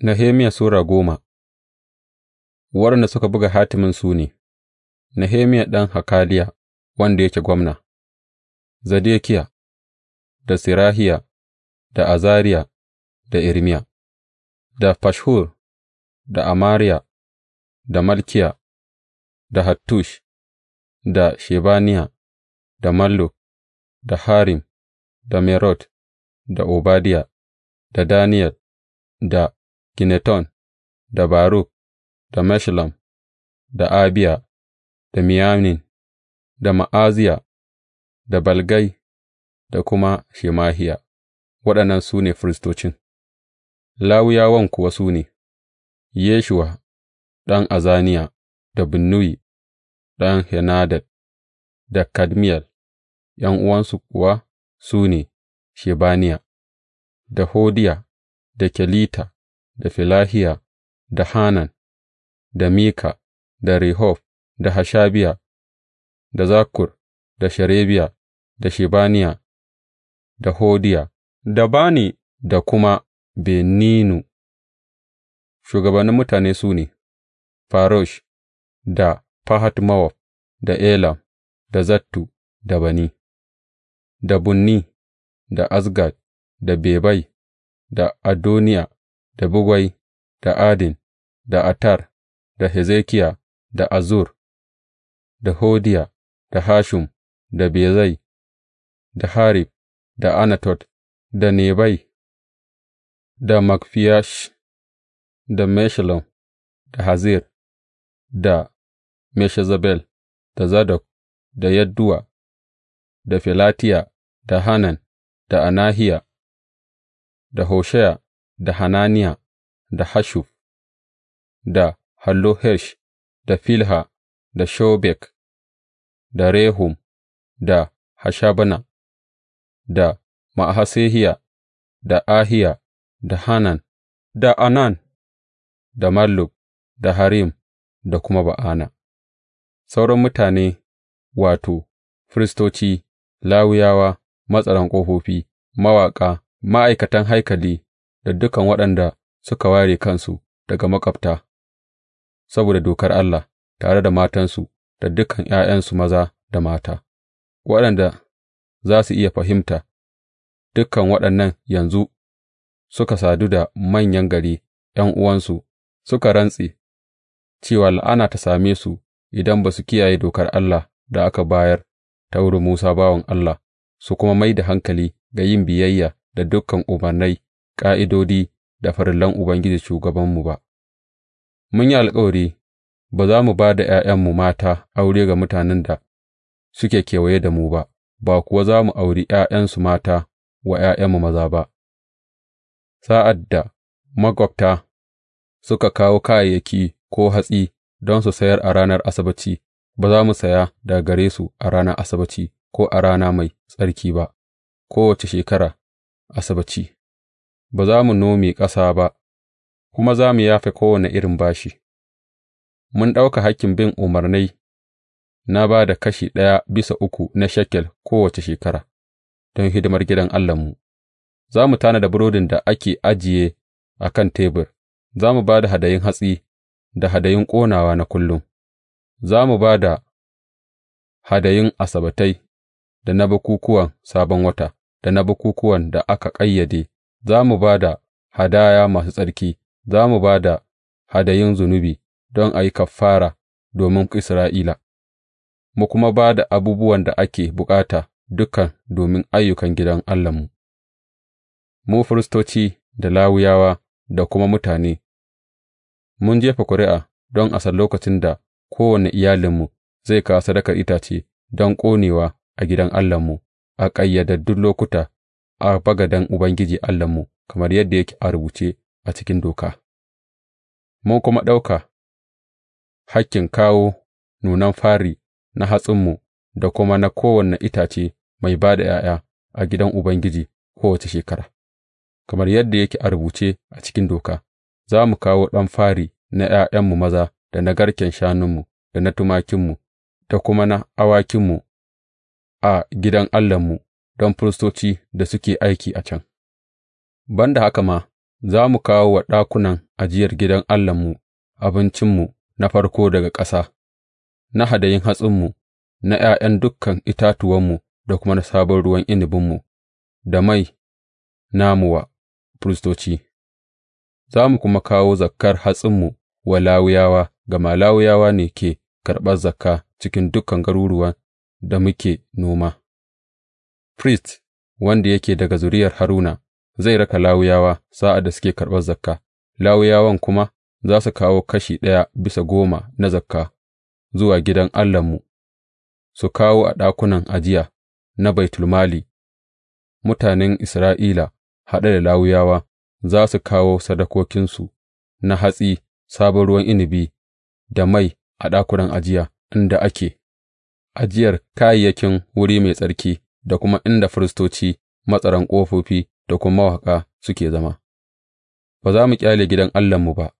Nehemiya Sura goma Waɗanda suka buga hatimin su ne, Nehemiya ɗan Hakaliya, wanda yake gwamna, Zadekiya, da Sirahiya, da Azariya, da Irmiya, da Fashhur, da Amariya, da Malkiya, da Hattush, da Shebaniya, da Malluk, da Harim, da Merot, da Obadiya, da Daniyel, da Ginneton, da Baruk, da Meshullam, da Abiya, da Miyamin, da Ma'aziya, da Balgai, da kuma Shemahiya, waɗannan su ne firistocin, Lawuyawan kuwa su ne, Yeshuwa ɗan Azaniya, da Binnuyi ɗan Henadad, da Kadmiyel, uwansu kuwa su ne, Shebaniya, da Hodiya, da Kelita. da Filahiya, da Hanan, da Mika, da Rehob, da Hashabiya, da Zakur, da Sherebiya, da Shibaniya, da Hodiya, da Bani, da kuma Beninu, shugabannin mutane su ne, Farosh, da Fahat Mawaf, da Elam, da Zattu, da Bani, da Bunni, da Asgad, da Bebai, da Adoniya, da bugwai, da Adin, da Atar, da Hezekiya, da azur, da Hodiya, da Hashum, da Bezai, da harib, da Anatot, da Nebai, da Makfiyash, da Meshullam, da Hazir, da meshazabel da Zadok, da Yadduwa, da Felatiya, da Hanan, da Anahiya, da Hosheya, da Hananiya, da Hashub, da Hallohesh, da Filha, da Shobek, da Rehum, da Hashabana, da Ma'asehiya, da Ahiya, da Hanan, da Anan, da Mallub da Harim, da kuma Ba'ana. Sauran mutane, wato, firistoci, lawuyawa, matsaran ƙofofi, mawaƙa, ma'aikatan haikali da dukan waɗanda suka ware kansu daga maƙwabta saboda dokar Allah, tare da matansu da dukan ’ya'yansu maza da mata, waɗanda za su iya fahimta, dukan waɗannan yanzu suka sadu da manyan gari 'yan uwansu, suka rantse cewa la'ana ta same su idan ba su kiyaye dokar Allah da aka bayar ta wurin Musa bawan Allah, su kuma mai da hankali ga yin biyayya da dukan umarnai ƙa'idodi da farillan Ubangiji Shugabanmu ba, mun yi alkawari ba za mu ba da ’ya'yanmu mata aure ga mutanen da suke kewaye da mu ba, ba kuwa za mu auri ’ya'yansu mata wa ’ya'yanmu maza ba. Sa'ad da maƙwabta suka kawo kayayyaki ko hatsi don su sayar a ranar Asabbaci, ba za mu saya daga gare su a ranar Asabbaci ko a rana mai tsarki ba, kowace shekara Asabbaci. ba za mu nome ƙasa ba, kuma za mu yafe kowane irin bashi, mun ɗauka hakkin bin umarnai na ba da kashi ɗaya bisa uku na shekel kowace shekara don hidimar gidan Allahnmu, za mu tana da burodin da ake ajiye a kan tebur, za mu ba da hadayin hatsi da hadayin ƙonawa na kullum, za mu ba da hadayin asabatai da na bukukuwan Sabon Wata da na bukukuwan da aka ƙayyade za mu ba da hadaya masu tsarki, za mu ba da hadayun zunubi don a yi kafara domin Isra'ila, mu kuma ba da abubuwan da ake bukata dukan domin ayyukan gidan Allahnmu, mu firistoci da lawuyawa da kuma mutane, mun jefa ƙuri'a don a san lokacin da kowane iyalinmu zai kawo sadakar itace don ƙonewa a gidan Allahnmu a ƙayyadaddun lokuta a bagaden Ubangiji Allahnmu, kamar yadda yake a rubuce a cikin Doka, mun kuma ɗauka hakkin kawo nunan fari na hatsinmu da kuma na kowane itace mai ba da ’ya'ya a gidan Ubangiji kowace shekara, kamar yadda yake a rubuce a cikin Doka, za mu kawo ɗan fari na ’ya'yanmu maza da na garken shanunmu da na tumakinmu da kuma na awakinmu a gidan Allahnmu. don firistoci da suke aiki a can, ban da haka ma za mu kawo wa ɗakunan ajiyar gidan Allahnmu abincinmu na farko daga ƙasa, na hadayin hatsinmu, na ’ya'yan dukan itatuwanmu da kuma na sabon ruwan inibinmu, da mai namu wa firistoci, za mu kuma kawo zakkar hatsinmu wa lawuyawa gama lawuyawa ne ke karɓar zakka cikin dukan garuruwan da muke noma. firist wanda yake daga zuriyar Haruna zai raka Lawiyawa sa'ad da suke karɓar zakka, Lawiyawan kuma za su kawo kashi ɗaya bisa goma na zakka zuwa gidan Allahnmu, su kawo a ɗakunan ajiya na baitulmali, mutanen Isra'ila haɗe da Lawiyawa za su kawo sadakokinsu na hatsi, sabon ruwan inibi da mai a ɗakunan ajiya inda ake ajiyar kayayyakin wuri mai tsarki da kuma inda firistoci, matsaran ƙofofi da kuma mawaƙa suke zama, ba za mu ƙyale gidan Allahnmu ba.